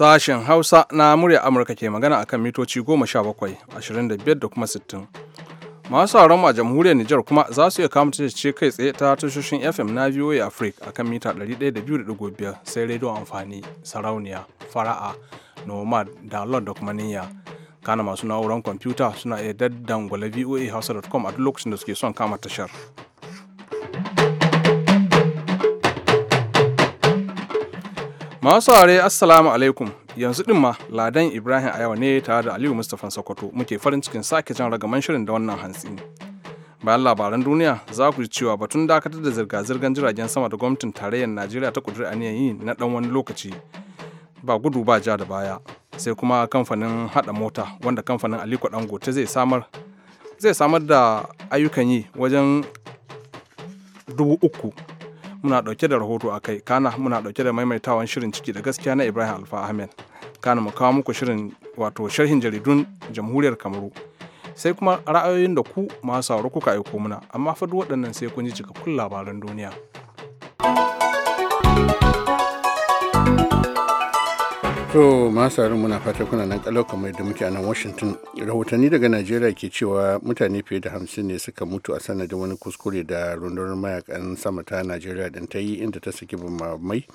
Sashen Hausa na murya Amurka ke magana akan mitoci 17, 25 da kuma 60. Masu sauran a jamhuriyar Nijar kuma za su iya kama ce kai tsaye ta tashoshin FM na VOA Africa akan mita 102.5 sai rediyon amfani, sarauniya, fara'a, nomad, download da kuma niyya. Kana masu na'urar kwamfuta suna iya daddan daddangwale hausa.com a duk lokacin da suke son kama tashar. Masu ware Assalamu alaikum yanzu din ma Ladan Ibrahim Ayawa ne tare da Aliyu Mustapha Sokoto muke farin cikin sake jan ragaman shirin da wannan hantsi. Bayan labaran duniya za ku ji cewa batun dakatar da zirga-zirgar jiragen sama da gwamnatin tarayyar Najeriya ta kudura aniyan yi na dan wani lokaci ba gudu ba ja da baya sai kuma kamfanin hada mota wanda kamfanin Aliko Dangote zai samar zai samar da ayyukan yi wajen dubu uku muna ɗauke da rahoto a kai kana muna ɗauke da maimaitawan shirin ciki da gaskiya na ibrahim alfa ahmed kana mu kawo muku shirin wato sharhin jaridun jamhuriyar kamaru sai kuma ra'ayoyin da ku masu sauraro kuka aiko muna amma fa duk waɗannan sai kun ji cikakkun labaran duniya. To masu muna fata kuna nan kalau kamar da muke a nan Washington. Rahotanni daga Najeriya ke cewa mutane fiye da hamsin ne suka mutu a sanadin wani kuskure da rundunar mayakan sama ta Najeriya din ta yi inda ta saki mai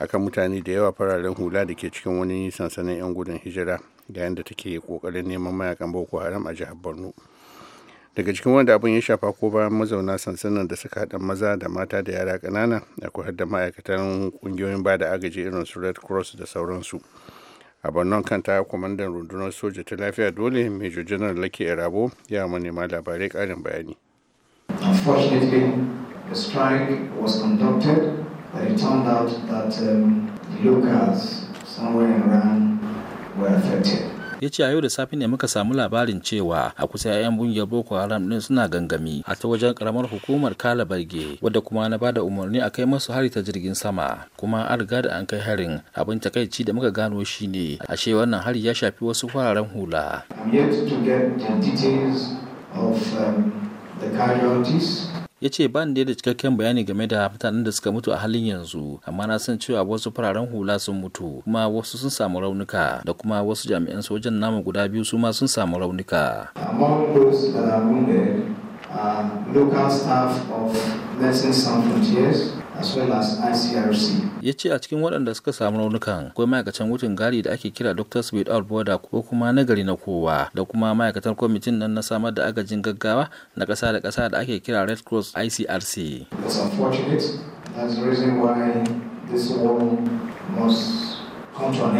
akan mutane da yawa fararen hula da ke cikin wani sansanin 'yan gudun hijira yayin da take kokarin neman mayakan Boko Haram a jihar Borno. daga cikin wanda abin ya shafa ko bayan mazauna sansanin da suka haɗa maza da mata da yara ƙanana akwai har da ma'aikatan ƙungiyoyin ba da agaji irin su red cross da sauransu a bannon kanta kwamandan rundunar soja ta lafiya dole major general lake rabo ya manema labarai ƙarin bayani um, locals somewhere around were affected ya ce a yau da safe ne muka samu labarin cewa a kusa 'ya'yan bungiyar boko haram din suna gangami a ta wajen karamar hukumar kala barge wadda kuma na bada umarni a kai masu hari ta jirgin sama kuma an riga da an kai harin abin takaici da muka gano shi shine ashe wannan hari ya shafi wasu fararen hula. yet to get the details of um, the casualties ya ce ban da cikakken bayani game da mutanen da suka mutu a halin yanzu amma na san cewa wasu fararen hula sun mutu kuma wasu sun samu raunuka da kuma wasu jami'an sojan namu guda biyu su ma sun samu raunuka local staff of Sound Frontiers as well as ICRC. ya ce a cikin waɗanda suka samu raunukan akwai ma'aikacin wucin gari da ake kira Speed Out border ko kuma nagari na kowa da kuma ma'aikatar kwamitin nan na samar da agajin gaggawa na ƙasa da ƙasa da ake kira red cross icrc That's the reason why this war must come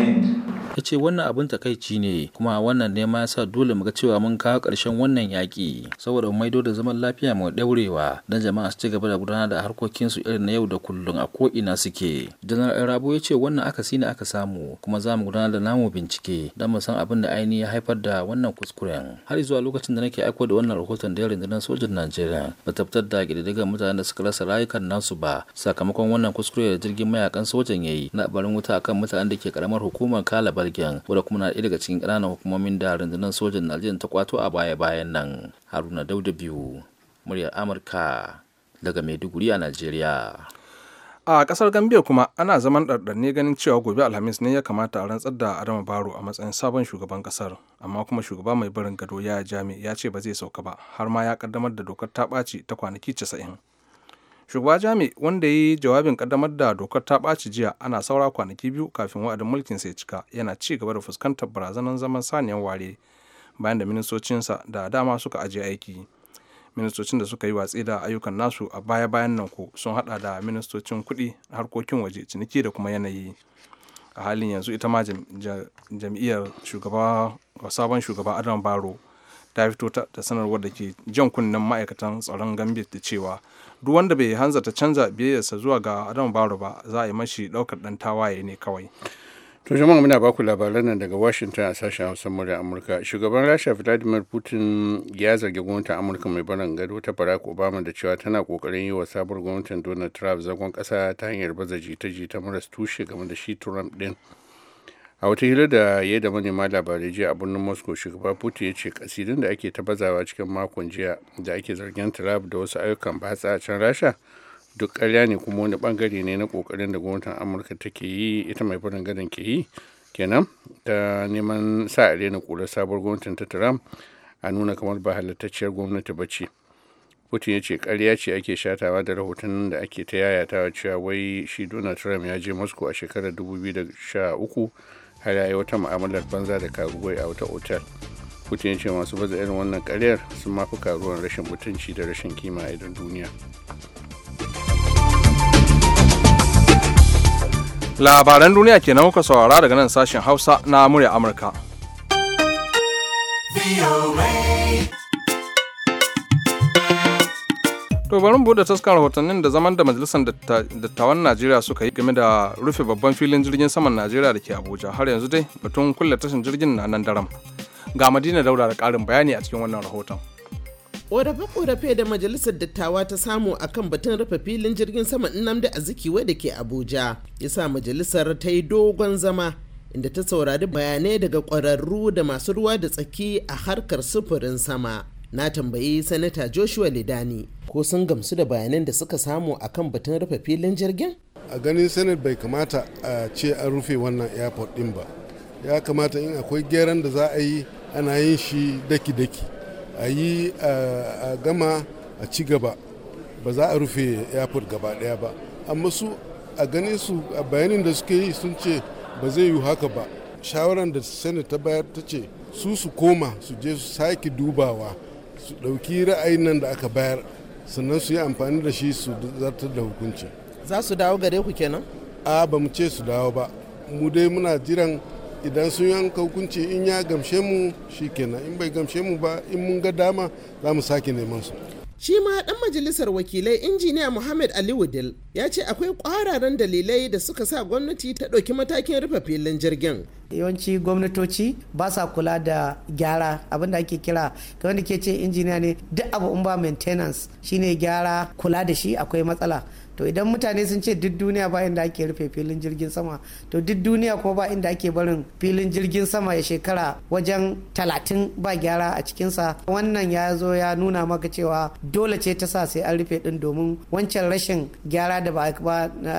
ya ce wannan abin takaici ne kuma wannan ne ma yasa dole mu ga cewa mun kawo ƙarshen wannan yaki. saboda mu maido da zaman lafiya mu daurewa. dan jama'a su ci gaba da gudanar da harkokinsu irin na yau da kullum a ko'ina suke janar rabo ya ce wannan akasi ne aka samu kuma za mu gudanar da namu bincike dan mu san abin da ainihi ya haifar da wannan kuskuren har zuwa lokacin da nake aiko da wannan rahoton da rundunar sojan najeriya ba tabbatar da ƙididdigar mutanen da suka rasa rayukan nasu ba sakamakon wannan kuskure da jirgin mayakan sojan ya yi na barin wuta akan mutanen da ke karamar hukumar kalaba Bargen wadda kuma na ɗaya daga cikin ƙananan hukumomin da rundunar sojan Najeriya ta kwato a baya-bayan nan. Haruna Dauda biyu muryar Amurka daga Maiduguri a Najeriya. a ƙasar gambia kuma ana zaman ɗarɗarne ganin cewa gobe alhamis ne ya kamata a rantsar da adama baro a matsayin sabon shugaban ƙasar amma kuma shugaba mai barin gado ya jami ya ce ba zai sauka ba har ma ya kaddamar da dokar ta ɓaci ta kwanaki 90 shugaba jami wanda ya yi jawabin kaddamar da dokar ta ɓaci jiya ana saura kwanaki biyu kafin wa'adin mulkin sai cika yana ci gaba da fuskantar barazanar zaman saniyar ware bayan da ministocinsa da dama suka ajiye aiki ministocin da suka yi watsi da ayyukan nasu a baya bayan nan ko sun hada da ministocin kuɗi harkokin waje ciniki da kuma yanayi a halin yanzu ita ma jam'iyyar shugaba sabon shugaba adam baro ta fito da sanarwar da ke jan kunnen ma'aikatan tsaron gambit da cewa duk wanda bai hanzarta canza biyayyarsa zuwa ga adam baro ba za a yi mashi ɗaukar ɗan tawaye ne kawai to jama'a muna baku labaran nan daga washington a sashen hausa murya amurka shugaban rasha vladimir putin ya zargi gwamnatin amurka mai barin gado ta barack obama da cewa tana kokarin yi wa sabuwar gwamnatin donald trump zagon kasa ta hanyar baza jita-jita maras tushe game da shi trump din a wata hira da ya da manema labarai jiya a birnin moscow shugaba putin ya ce kasidin da ake tabazawa cikin makon jiya da ake zargin trump da wasu ayyukan batsa a can rasha duk karya ne kuma wani bangare ne na kokarin da gwamnatin amurka take yi ita mai barin gadon ke yi kenan ta neman sa a daina kula sabuwar gwamnatin ta trump a nuna kamar ba halittacciyar gwamnati ba ce putin ya ce karya ce ake shatawa da rahoton da ake ta yayatawa cewa wai shi donald trump ya je moscow a shekarar 2013 har yi wata mu'amalar banza da karuwai a wata otal putin ya ce masu baza irin wannan karyar sun mafi karuwan rashin mutunci da rashin kima a idan duniya labaran duniya kenan kuka saurara daga nan sashen hausa na murya amurka To bari buɗe taskar rahotannin da zaman da majalisar dattawan Najeriya suka yi game da rufe babban filin jirgin saman Najeriya da ke Abuja har yanzu dai batun kulle tashin jirgin na nan daram. Ga Madina Daura da karin bayani a cikin wannan rahoton. Ƙorafe-ƙorafe da Majalisar Dattawa ta samu a kan batun rufe filin jirgin sama Nnamdi Azikiwe da ke Abuja, yasa majalisar ta yi dogon zama inda ta saurari bayanai daga ƙwararru da masu ruwa da tsaki a harkar sufurin sama. na tambayi sanata joshua lidani ko sun gamsu da bayanan da suka samu a kan batun rufe filin jirgin a ganin senate bai kamata a ce an rufe wannan airport din ba ya kamata in akwai geran da za a yi ana yin shi daki-daki a yi a gama a ci gaba ba za a rufe airport gaba daya ba amma su a ganin su a bayanin da suke yi sun ce ba zai yi haka ba shawaran da senate ta bayar ta ce su su koma su je su sake dubawa su ɗauki ra'ayin nan da aka bayar sannan su yi amfani da shi su zartar da hukunci za su dawo gare ku kenan a ba mu ce su dawo ba mu dai muna jiran idan sun yanka hukunci in ya gamshe mu shi kenan in bai gamshe mu ba in mun ga dama za mu sake neman su shi ma dan majalisar wakilai injiniya muhammad ali wudil ya ce akwai kwararan dalilai da suka sa gwamnati ta ɗauki matakin rufe filin jirgin yawanci gwamnatoci ba sa kula da gyara abin da ake kira ga wanda ke ce injiniya ne duk abu in ba maintenance shine gyara kula da shi akwai matsala to idan mutane sun ce duk duniya ba inda ake rufe filin jirgin sama to duk duniya kuma ba inda ake barin filin jirgin sama ya shekara wajen talatin ba gyara a cikinsa wannan ya zo ya nuna maka cewa dole ce ta sa sai an rufe din domin wancan rashin gyara da ba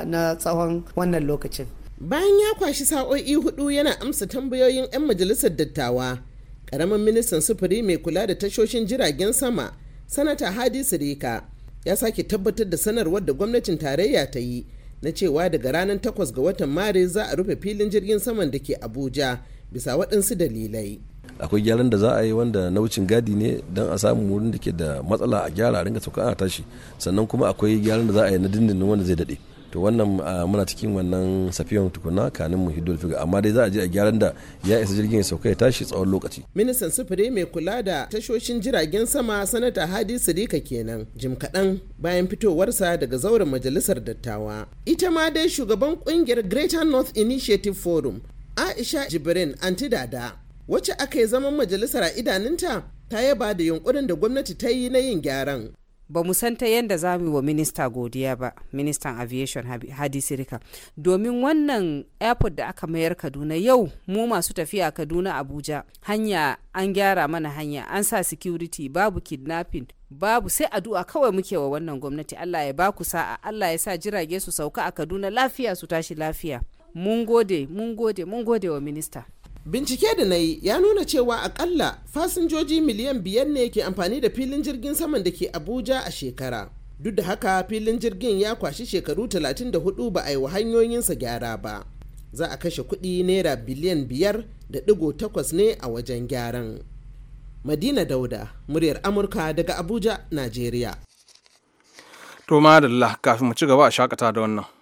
na tsawon wannan lokacin bayan ya kwashi sa'o'i hudu yana amsa tambayoyin 'yan majalisar dattawa karamin ministan sufuri mai kula da tashoshin jiragen sama sanata hadi sirika ya sake tabbatar da sanarwar da gwamnatin tarayya ta yi na cewa daga ranar 8 ga watan maris za a rufe filin jirgin saman da ke abuja bisa waɗansu dalilai akwai gyaran da za a yi wanda na wucin gadi ne don a samu wurin da ke da matsala a gyara a ringa sauka a tashi sannan kuma akwai gyaran da za a yi na dindindin wanda zai daɗe to wannan muna cikin wannan safiyan tukuna kanin mu hidul figa amma dai za a je a gyaran da ya isa jirgin ya sauka ya tashi tsawon lokaci ministan sufuri mai kula da tashoshin jiragen sama sanata hadi sirika kenan jim kaɗan bayan fitowarsa daga zauren majalisar dattawa ita ma dai shugaban kungiyar greater north initiative forum aisha jibrin dada wacce aka yi zaman majalisar a idanunta ta yaba da yunkurin da gwamnati ta yi na yin gyaran ba mu san ta yadda za mu wa minista godiya ba ministan aviation hadi sirika domin wannan airport da aka mayar kaduna yau mu masu tafiya kaduna abuja hanya an gyara mana hanya an sa security babu kidnapping babu sai addu'a kawai muke wa wannan gwamnati allah ya baku sa'a allah ya sa jirage su sauka a kaduna lafiya su tashi lafiya mun gode mun gode mun gode wa minista Bincike da na yi ya nuna cewa akalla fasinjoji miliyan biyar ne ke amfani da filin jirgin saman da ke Abuja a shekara. Duk da haka filin jirgin ya kwashi shekaru 34 ba a yi wa hanyoyinsa gyara ba. Za a kashe kuɗi naira biliyan biyar da ɗigo takwas ne a wajen gyaran. Madina Dauda, muryar Amurka daga Abuja, Najeriya. To madalla kafin mu ci gaba a shakata da wannan.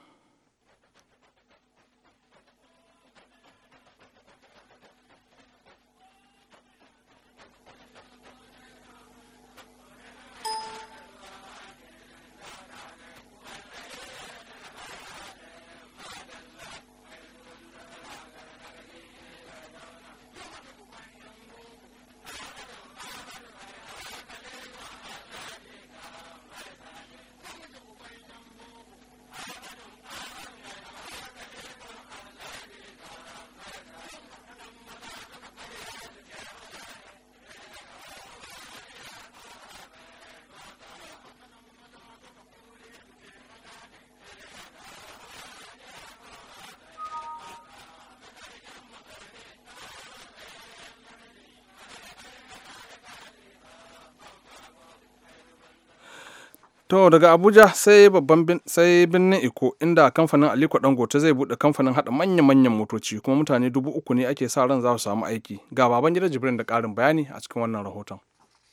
To daga Abuja sai babban sai birnin Iko inda kamfanin Aliko Dangote zai bude kamfanin hada manya-manyan motoci kuma mutane dubu uku ne ake sa ran za su samu aiki. Ga baban gida Jibrin da karin bayani a cikin wannan rahoton.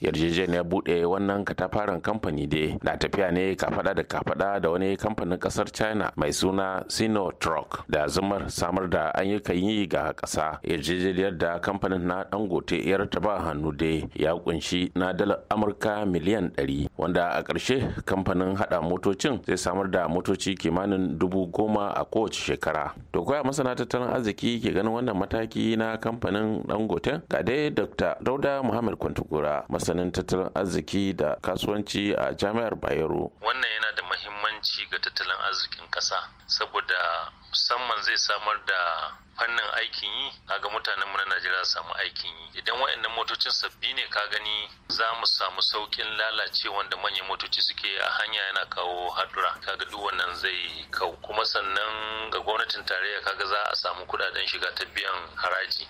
yarjejeniyar bude wannan katafaren kamfani dai na tafiya ne kafada da kafada da wani kamfanin kasar china mai suna sinotruck da zumar samar da ayyukan yi ga kasa yarjejeniyar da kamfanin na dangote ta ba hannu dai ya kunshi na dalar amurka miliyan 100 wanda a ƙarshe kamfanin hada motocin zai samar da motoci kimanin dubu goma a kowace shekara to koya masana tattalin arziki ke ganin wannan mataki na kamfanin dangote ga dai dr dauda muhammad kwantugura masana masanin tattalin arziki da kasuwanci a jami'ar bayero wannan yana da mahimmanci ga tattalin arzikin kasa saboda musamman zai samar da fannin aikin yi kaga mutanen mu na Najeriya samu aikin yi idan waɗannan motocin sabbi ne ka gani za mu samu saukin lalacewan da manyan motoci suke a hanya yana kawo hadura kaga duk wannan zai kau kuma sannan ga gwamnatin tarayya kaga za a samu kudaden shiga ta biyan haraji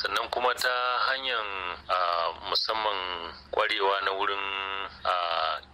sannan kuma ta hanyar musamman kwarewa na wurin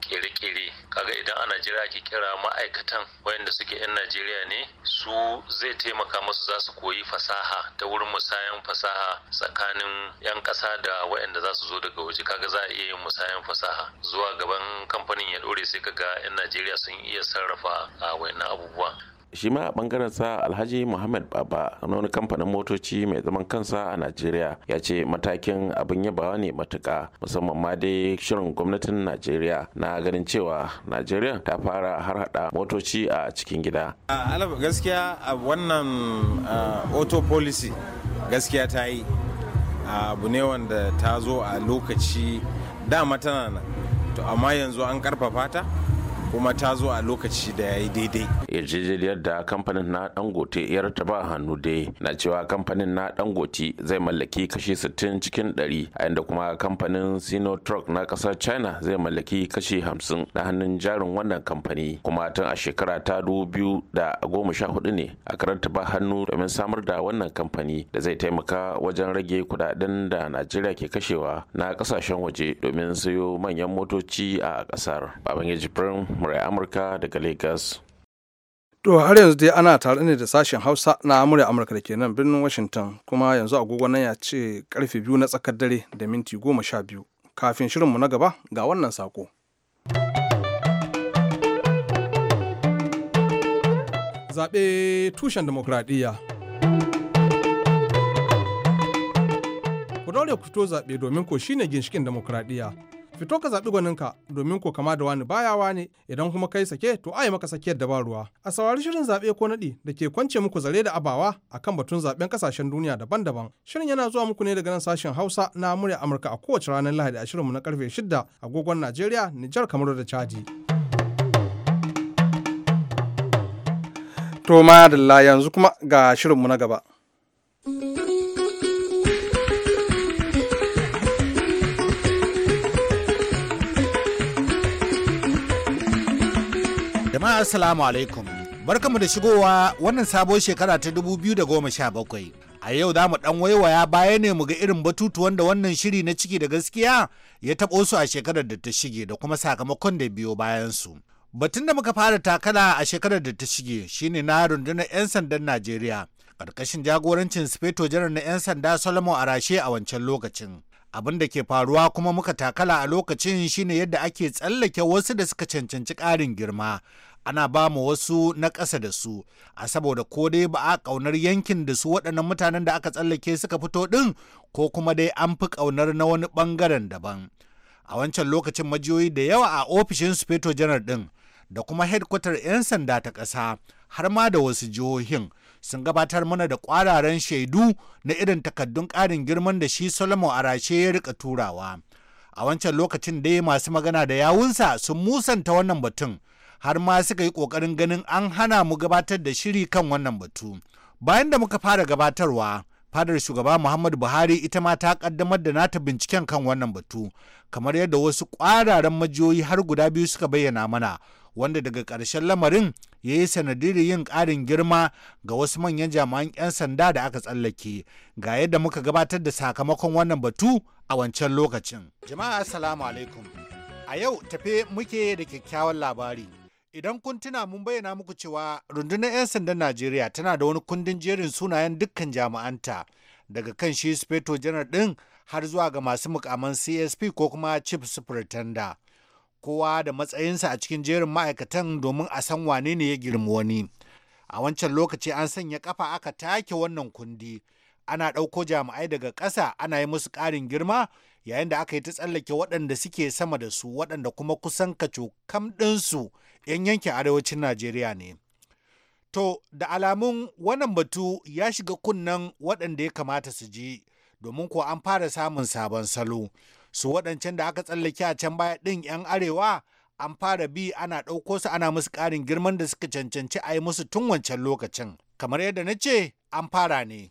kere-kere kaga idan a jira ake kira ma'aikatan wayanda suke 'yan najeriya ne su zai taimaka masu za su koyi fasaha ta wurin musayan fasaha tsakanin 'yan ƙasa da wayanda za su zo daga waje kaga za a iya yin musayan fasaha zuwa gaban kamfanin ya ɗore sai kaga 'yan najeriya sun iya sarrafa a wayannan abubuwa shi ma a bangaren sa alhaji muhammad baba na wani kamfanin motoci mai zaman kansa a najeriya ya ce matakin abin yabawa ne matuka musamman ma dai shirin gwamnatin najeriya na ganin cewa najeriya ta fara har hada motoci a cikin gida gaskiya a wannan auto policy gaskiya ta yi abu ne wanda ta zo a lokaci dama tana nan to amma yanzu an karfafa ta kuma ta zo a lokaci da ya yi daidai. yarjejeniyar da kamfanin na dangote ya ba hannu dai na cewa kamfanin na dangote zai mallaki kashi 60 cikin 100 a yadda kuma kamfanin sinotrok na kasar china zai mallaki kashi 50 na hannun jarin wannan kamfani kuma tun a shekara ta hudu ne karanta ba hannu domin samar da wannan kamfani da zai taimaka wajen rage kudaden da najeriya ke kashewa na kasashen waje domin sayo manyan motoci a kasar babangeji murai amurka daga lagos to har yanzu dai ana tare ne da sashen hausa na murya amurka da ke nan birnin washington kuma yanzu agogo nan ya ce karfe biyu na tsakar dare da minti goma sha biyu kafin shirinmu na gaba ga wannan sako zaɓe tushen demokradiyya ku daure ku fito zaɓe domin ko shine ginshikin demokradiyya fito ka zaɓi ka domin ko kama da wani baya wane idan kuma kai sake to ai maka sake da ba ruwa a saurari shirin zaɓe ko naɗi da ke kwance muku zare da abawa a kan batun zaɓen ƙasashen duniya daban-daban shirin yana zuwa muku ne daga nan sashen hausa na murya amurka a kowace ranar lahadi a shirinmu na karfe shidda agogon najeriya nijar kamaru da chadi. to ma yanzu kuma ga shirinmu na gaba. jama'a assalamu alaikum barkamu da shigowa wannan sabon shekara ta 2017 a yau za mu dan waiwaya baya ne mu ga irin batutuwan da wannan shiri na ciki da gaskiya ya taɓo su a shekarar da ta shige da kuma sakamakon da biyo bayan su batun da muka fara takala a shekarar da ta shige shine na rundunar 'yan sandan najeriya ƙarƙashin jagorancin sufeto janar na 'yan sanda solomon arashe a wancan lokacin abin da ke faruwa kuma muka takala a lokacin shine yadda ake tsallake wasu da suka cancanci ƙarin girma ana ba mu wasu na ƙasa da su a saboda ko dai ba a ƙaunar yankin da su waɗannan mutanen da aka tsallake suka fito ɗin ko kuma dai an fi ƙaunar na wani ɓangaren daban a wancan lokacin majiyoyi da yawa a ofishin speto janar ɗin da kuma hedkwatar 'yan sanda ta ƙasa har ma da wasu jihohin sun gabatar mana da ƙwararen shaidu na irin takaddun ƙarin girman da shi solomon arashe ya rika turawa a wancan lokacin dai masu magana da yawunsa sun musanta wannan batun har ma suka yi ƙoƙarin ganin an hana mu gabatar da shiri kan wannan batu. Bayan da muka fara gabatarwa, fadar shugaba Muhammadu Buhari ita ma ta ƙaddamar da nata binciken kan wannan batu, kamar yadda wasu ƙwararen majiyoyi har guda biyu suka bayyana mana, wanda daga ƙarshen lamarin ya yi sanadiyar yin ƙarin girma ga wasu manyan jami'an 'yan sanda da aka tsallake ga yadda muka gabatar da sakamakon wannan batu a wancan lokacin. Jama'a assalamu alaikum. A yau tafe muke da kyakkyawan labari. Idan kun tuna mun bayyana muku cewa rundunar 'yan sandan Najeriya tana da wani kundin jerin sunayen dukkan jami'anta daga kan shi speto janar ɗin har zuwa ga masu mukaman CSP ko kuma chief superintendent. Kowa da matsayinsa a cikin jerin ma'aikatan domin a san wane ne ya girma wani. A wancan lokaci an sanya kafa aka take wannan kundi. ana ɗauko jami'ai daga ƙasa ana yi musu ƙarin girma yayin da aka yi ta tsallake waɗanda suke sama da su waɗanda kuma kusan kaco kam ɗinsu 'yan yankin arewacin Najeriya ne. To, da alamun wannan batu ya shiga kunnen waɗanda ya kamata su ji, domin kuwa an fara samun sabon salo. Su waɗancan da aka tsallake a can baya ɗin 'yan arewa an fara bi ana ɗauko su ana musu ƙarin girman da suka cancanci a yi musu tun wancan lokacin. Kamar yadda na ce, an fara ne.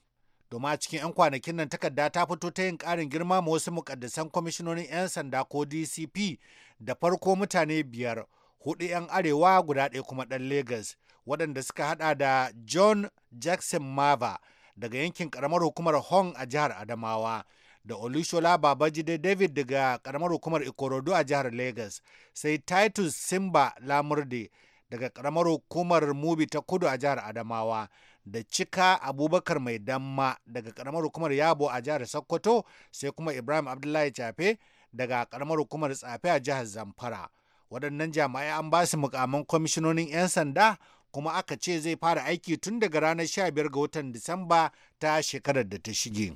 domin a cikin 'yan kwanakin nan takarda ta fito ta yin ƙarin girma ma wasu mukaddasan kwamishinonin 'yan sanda ko dcp da farko mutane biyar hudu 'yan arewa guda ɗaya kuma ɗan Legas, waɗanda suka haɗa da John Jackson Mava daga yankin ƙaramar hukumar Hong a jihar Adamawa. da Olushola Babajide David daga karamar hukumar Ikorodu a jihar Legas, sai Titus Simba Lamurde daga karamar hukumar Mubi ta Kudu a jihar Adamawa, da Cika Abubakar Mai Damma daga karamar hukumar Yabo a jihar Sokoto, sai kuma Ibrahim Abdullahi Chafe daga karamar hukumar Tsafe a jihar Zamfara. waɗannan jami'ai an ba su mukamin kwamishinonin 'yan sanda kuma aka ce zai fara aiki tun daga ranar 15 ga watan disamba ta shekarar da ta shige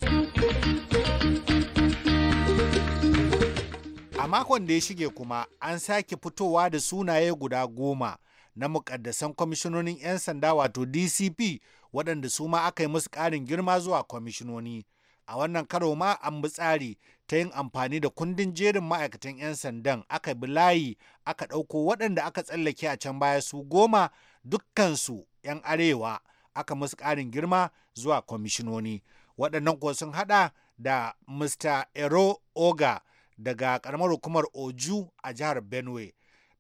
a makon da ya shige kuma an sake fitowa da sunaye guda goma na mukaddasan kwamishinonin 'yan sanda wato dcp waɗanda su ma aka yi musu ƙarin girma zuwa kwamishinoni. a wannan karo ma an bi tsari ta yin amfani da kundin jerin ma'aikatan 'yan sandan aka bi layi aka ɗauko waɗanda aka tsallake a can baya su goma dukkansu 'yan arewa aka musu ƙarin girma zuwa kwamishinoni waɗannan kuwa sun haɗa da mr ero oga daga ƙaramar hukumar oju a jihar benue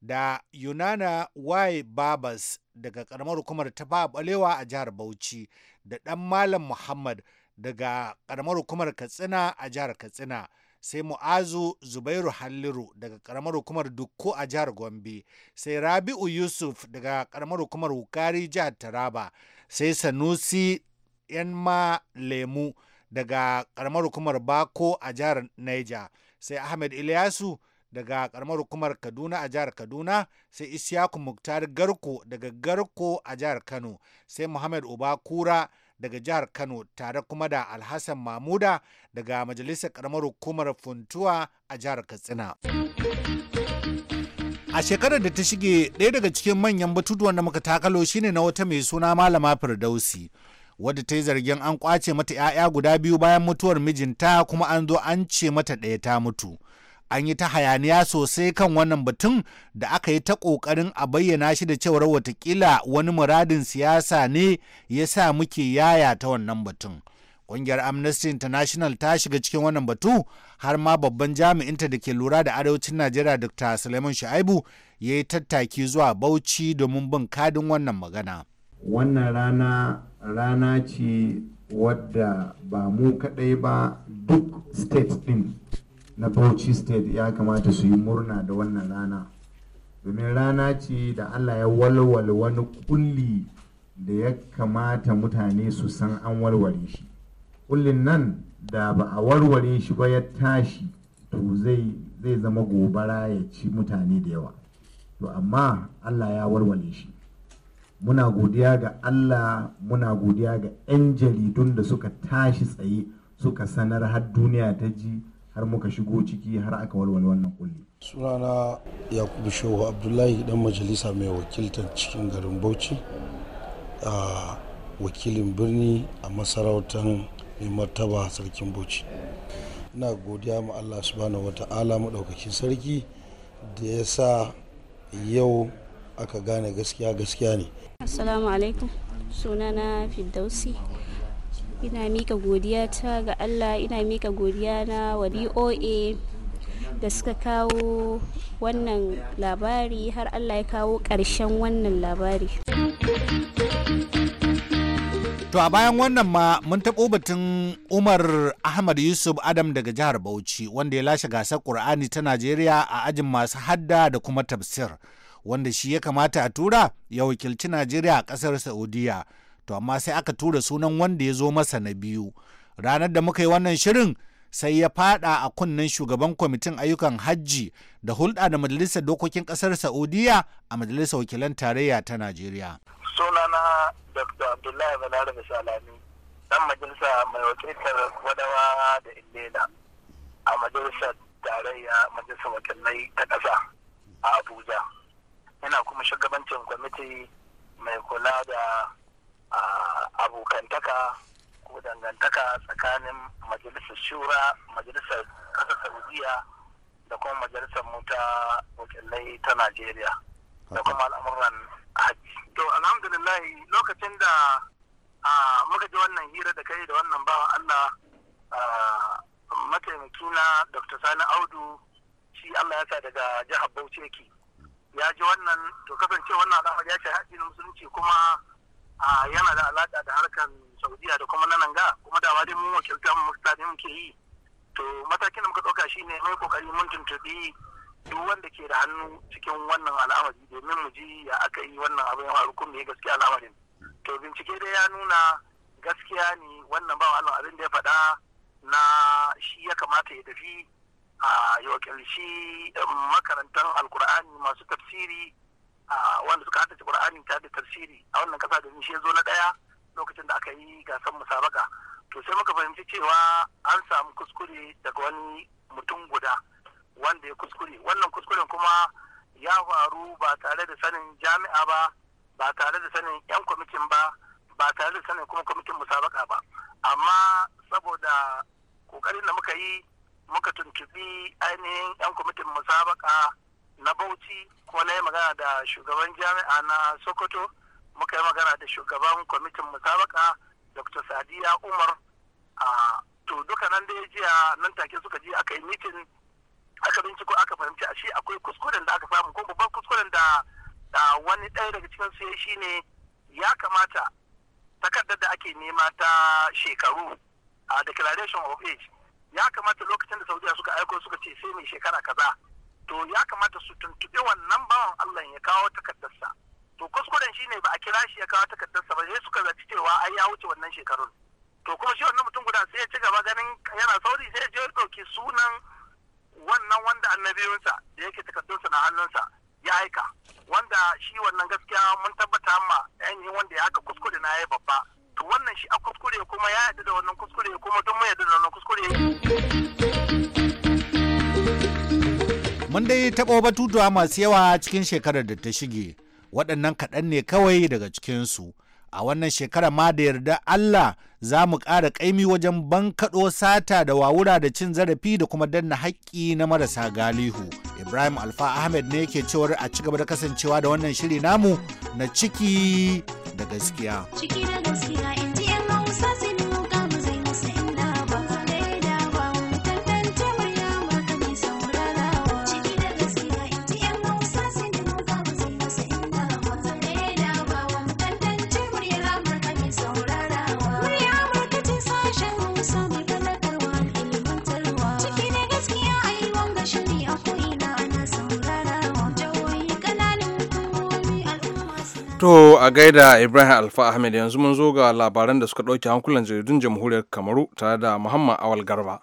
da Yunana Y. Babas daga karamar hukumar ta balewa a jihar Bauchi da ɗan Malam Muhammad daga ƙaramar hukumar Katsina a jihar Katsina. sai mu'azu zubairu halliru daga karamar hukumar dukko a jihar gombe sai rabi'u yusuf daga karamar hukumar Wukari jihar taraba sai sanusi yanma lemu daga karamar hukumar bako a jihar Niger sai ahmed ilyasu daga karamar hukumar kaduna a jihar kaduna sai isyaku muktar garko daga garko a jihar kano sai muhammad ubakura daga jihar Kano tare kuma da Alhassan Mamuda daga Majalisar Karamar Hukumar Funtuwa a jihar Katsina. A shekarar da ta shige ɗaya daga cikin manyan batutuwan da muka takalo shine na wata mai suna Malama Firdausi. wadda ta yi zargin an kwace mata 'ya'ya guda biyu bayan mutuwar mijinta kuma an zo an ce mata ɗaya ta mutu an yi ta hayaniya sosai kan wannan batun da aka yi ta ƙoƙarin a bayyana shi da cewar watakila wani muradin siyasa ne ya sa muke yaya ta wannan batun. Ƙungiyar Amnesty International ta shiga cikin wannan batu har ma babban jami'inta da ke lura da arewacin Najeriya Dr. Suleiman Shu'aibu ya yi tattaki zuwa Bauchi domin bin kadin wannan magana. Wannan rana rana ce wadda ba mu kaɗai ba duk state ɗin na bauchi state ya kamata su yi murna da wannan rana domin rana ce da allah ya walwale wani kulli da ya kamata mutane su san an walware shi kullin nan da ba a warware shi ba ya tashi to zai zama gobara ya ci mutane da yawa to amma allah ya warware shi muna godiya ga allah muna godiya ga 'yan jaridun da suka tashi tsaye suka sanar har duniya ta ji har muka shigo ciki har aka walwala wannan kulli sunana yakubu shehu abdullahi dan majalisa mai wakiltar cikin garin bauchi a wakilin birni a masarautar mai martaba sarkin bauchi ina godiya ma allah subhanahu wata ta'ala maɗaukakin sarki da ya sa yau aka gane gaskiya gaskiya ne assalamu alaikum sunana fidausi ina mika godiya ta ga allah ina mika godiya na wa boa da suka kawo wannan labari har allah ya kawo ƙarshen wannan labari to a bayan wannan ma mun taɓo batun umar ahmad yusuf adam daga jihar bauchi wanda ya lashe gasar ƙur'ani ta najeriya a ajin masu hadda da kuma tafsir wanda shi ya kamata a tura ya wakilci najeriya a ƙasar saudiya to amma sai aka tura sunan wanda ya zo masa na biyu ranar da muka yi wannan shirin sai ya fada a kunnen shugaban kwamitin ayyukan hajji da hulɗa da majalisar dokokin ƙasar saudiya a majalisar wakilan tarayya ta najeriya sunana dr abdullahi balarabe salami dan majalisa mai wakiltar wadawa da illela a majalisar tarayya majalisar wakilai ta ƙasa a abuja yana kuma shugabancin kwamiti mai kula da abokantaka ko dangantaka tsakanin majalisar shura majalisar ƙasar saudiya da kuma majalisar mota wakilai ta najeriya da kuma al'amuran hajji to alhamdulillah lokacin da muka ji wannan hira da kai da wannan bawa allah mataimaki na dr sani audu shi allah ya sa daga jihar bauchi yake ya ji wannan to kasance wannan al'amari ya shi haɗin musulunci kuma yana da alaƙa da harkar saudiya da kuma nan ga kuma da dai mun wakilta mu mutane muke yi to matakin da muka ɗauka shine mai kokari mun tuntubi duk wanda ke da hannu cikin wannan al'amari domin mu ji ya aka yi wannan abin ya faru kuma gaskiya al'amarin to bincike dai ya nuna gaskiya ne wannan ba Allah abin da ya faɗa na shi ya kamata ya tafi a yi wakilci eh, makarantar alkur'ani masu tafsiri wanda suka haddace Qur'ani ta da tafsiri a wannan kasa da shi ya zo na ɗaya lokacin da aka yi gasar musabaka to sai muka fahimci cewa an samu kuskure daga wani mutum guda wanda ya kuskure wannan kuskuren kuma ya faru ba tare da sanin jami'a ba ba tare da sanin 'yan kwamitin ba ba tare da sanin kuma kwamitin musabaka ba amma saboda kokarin da muka yi muka tuntubi ainihin 'yan kwamitin musabaka na bauchi ko na yi magana da shugaban jami'a na sokoto muka yi magana da shugaban kwamitin musabaka dr sadiya umar a to duka nan da ya jiya nan take suka ji aka yi mitin aka binciko aka fahimci a shi akwai kuskuren da aka samu ko babban kuskuren da wani ɗaya daga cikin su shi ne ya kamata takardar da ake nema ta shekaru a declaration of age ya kamata lokacin da saudiya suka aiko suka ce sai mai shekara kaza to ya kamata su tuntuɓi wannan bawan Allah ya kawo takardarsa to kuskuren shine ba a kira shi ya kawo takardarsa ba sai suka zaci cewa ai ya wuce wannan shekarun to kuma shi wannan mutum guda sai ya ci gaba ganin yana sauri sai ya je ya ɗauki sunan wannan wanda annabiyunsa da yake takardunsa na hannunsa ya aika wanda shi wannan gaskiya mun tabbata ma ainihin wanda ya haka kuskure na ya babba to wannan shi a kuskure kuma ya yaɗu da wannan kuskure kuma don mu yaɗu da wannan kuskure Mun dai taɓo batutuwa masu yawa cikin shekarar da ta shige, waɗannan kaɗan ne kawai daga cikinsu. A wannan shekara ma da yarda Allah za mu ƙara ƙaimi wajen bankaɗo sata da wawura da cin zarafi da kuma danna haƙƙi na marasa galihu. Ibrahim Alfa Ahmed ne ke cewar a ci gaba da kasancewa da wannan shiri namu na ciki da gaskiya. Ciki da gaskiya. To a gaida Ibrahim Alfa Ahmed yanzu mun zo ga labaran da suka ɗauke hankulan jaridun jamhuriyar Kamaru tare da Muhammad Awal Garba.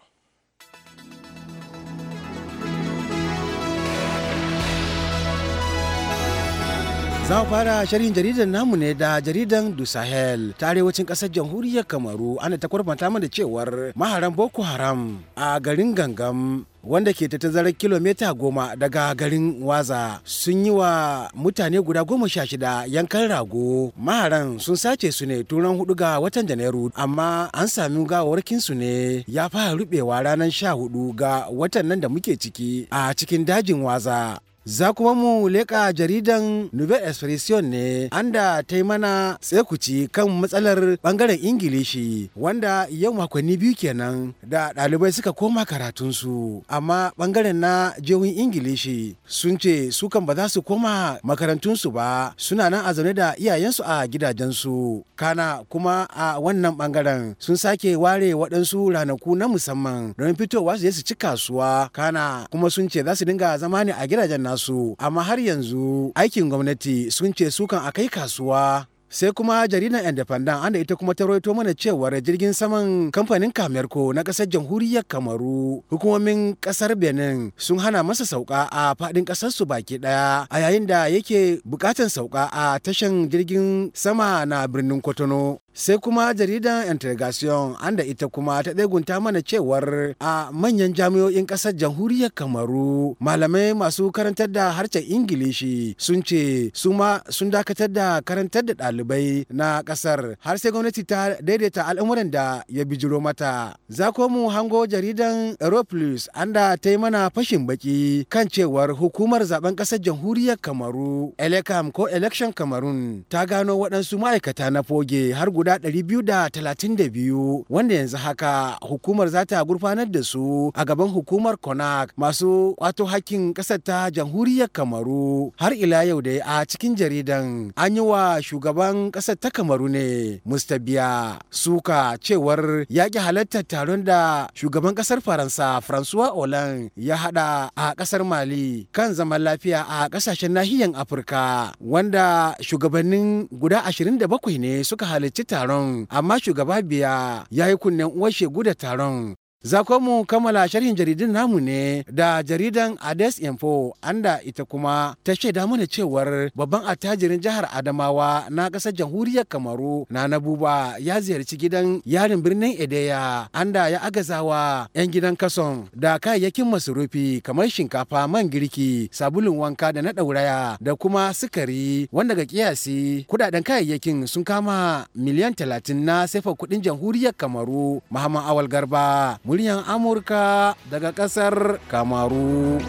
Za fara shirin jaridar namu ne da jaridan Du Sahel ta arewacin kasar jamhuriyar Kamaru ana ta kwarmata mana cewar maharan Boko Haram a garin Gangam wanda ke ta tazarar kilomita goma daga garin waza sun yi wa mutane guda goma sha shida yankan rago maharan sun sace su ne turan hudu ga watan janairu amma an sami gawarkin su ne ya fara rubewa ranar sha hudu ga watan nan da muke ciki a cikin dajin waza Za kuma mu leƙa jaridan Nouvelle Expression ne, anda ta yi mana tsekuci kan matsalar ɓangaren Ingilishi, wanda yau makonni biyu kenan da ɗalibai suka koma karatunsu, amma ɓangaren na jihohin Ingilishi sun ce su kan ba za su koma makarantunsu ba, suna nan a zaune da iyayensu a gidajensu. Kana kuma a wannan ɓangaren sun sake ware waɗansu ranaku na musamman don fitowa su je su ci kasuwa, kana kuma sun ce za su dinga zama ne a gidajen nasu. su amma har yanzu aikin gwamnati sun ce sukan akai kasuwa sai kuma jaridar independent anda ita kuma ta roito mana cewar jirgin saman kamfanin kamerko na kasar jamhuriyar kamaru hukumomin kasar benin sun hana masa sauka a fadin kasar su baki daya a yayin da yake bukatan sauka a tashan jirgin sama na birnin kotono sai kuma jaridar intergation anda ita kuma ta tsegunta mana cewar a manyan jami'o'in kasar jamhuriyar kamaru malamai masu karantar da harshen ingilishi sun ce su ma sun dakatar da karantar da ɗalibai ɗalibai na ƙasar har sai gwamnati ta daidaita al'amuran da ya bijiro mata. Za mu hango jaridan Europlus anda ta yi mana fashin baki kan cewar hukumar zaben ƙasar jamhuriyar Kamaru Elecam ko Election Cameroon ta gano waɗansu ma'aikata na foge har guda 232 wanda yanzu haka hukumar za ta gurfanar da su a gaban hukumar conak masu kwato hakkin ƙasar ta jamhuriyar Kamaru har ila yau da a cikin jaridan an yi wa shugaban shugaban ƙasar ta kamaru ne mustabiya suka cewar ya ki halartar taron da shugaban ƙasar faransa francois hollande ya hada a ƙasar mali kan zaman lafiya a ƙasashen nahiyar afirka wanda shugabannin guda 27 ne suka halarci taron amma shugaba biya ya yi kunnen uwar shegu da taron Za mu kammala sharhin jaridun namu ne da jaridan Ades Info anda ita kuma ta shaida mana cewar babban attajirin jihar Adamawa na ƙasar jamhuriyar Kamaru na Nabuba ya ziyarci gidan yarin birnin Edeya anda ya agazawa 'yan gidan kason da kayayyakin masurufi kamar shinkafa man girki sabulun wanka da na ɗauraya da kuma sukari wanda ga kiyasi kudaden kayayyakin sun kama miliyan talatin na sefa kuɗin jamhuriyar Kamaru Muhammad Awal Garba Muryan Amurka daga ƙasar Kamaru.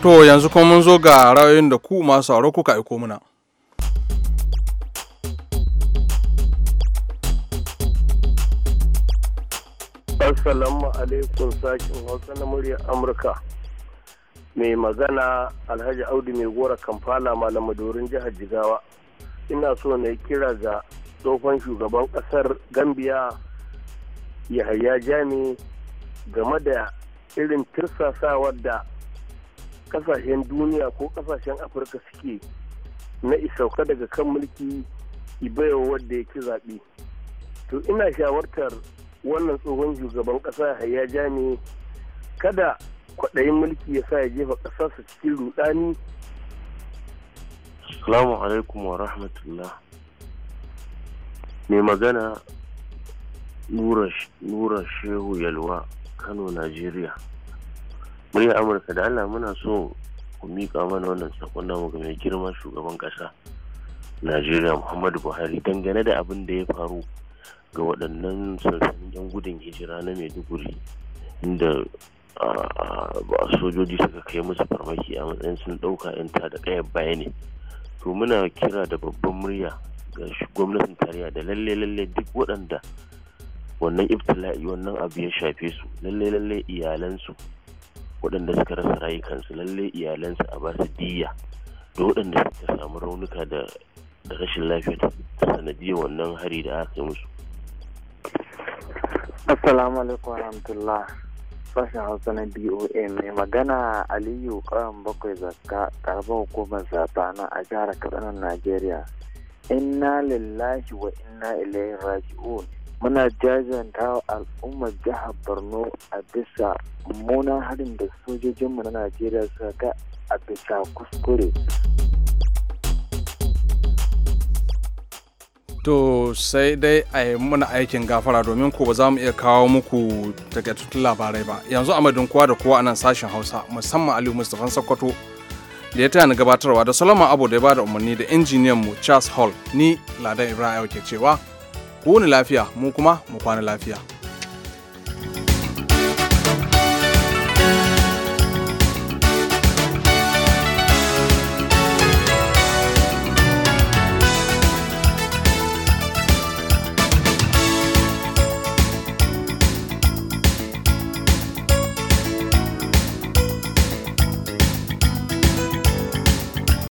To yanzu kuma mun zo ga ra'ayoyin da ku masu sauro kuka aiko muna. Assalamu alaikum sakin Hausa na muryar Amurka. Mai magana Alhaji Audu mai gora Kamfala malamadorin jihar Jigawa. Ina so na yi kira ga tsohon shugaban ƙasar Gambia ya yahaya jami game da irin tirsasawar da kasashen duniya ko kasashen afirka suke na isauka daga kan mulki ibaiwa wadda ya ki zaɓe to ina shawartar wannan tsohon shugaban ƙasa hayya jami kada kwaɗayin mulki ya sa ya jefa ƙasarsa cikin rudani Salamu alaikum wa rahmatullah. Mai magana nura shehu yalwa kano najeriya murya amurka da allah muna so ku miƙa mana wannan sakon namu ga girma shugaban ƙasa. najeriya muhammadu buhari dangane da abin da ya faru ga waɗannan sansanin yan gudun hijira na maiduguri inda sojoji suka kai musu farmaki a matsayin sun ɗauka 'yan da ƙayar baya ne to muna kira da babban murya ga gwamnatin tarayya da lalle lalle duk waɗanda wannan iftila'i wannan abu ya shafe su lalle lalle iyalansu waɗanda suka rasa rayukansu lalle iyalansu a ba su diya da waɗanda suka samu raunuka da rashin lafiya ta sanadiyar wannan hari da aka yi musu assalamu alaikum rahmatullah sashen hausa na boa mai magana aliyu karan bakwai zakka karbar hukumar zaba na a jihar katsinan najeriya inna lillahi wa inna ilaihi raji'un muna jajanta al'ummar jihar borno a bisa muna harin da sojojinmu na najeriya suka ga a bisa kuskure to sai dai a yi mana aikin gafara domin ko ba za mu iya kawo muku takaitattun labarai ba yanzu a kowa da kowa a nan sashen hausa musamman aliyu mustapha sokoto da ya taya ni gabatarwa da solomon abu da ya ba da umarni da injiniyan mu charles hall ni ladan ibrahim ke cewa ku ni lafiya mu kuma mu kwana lafiya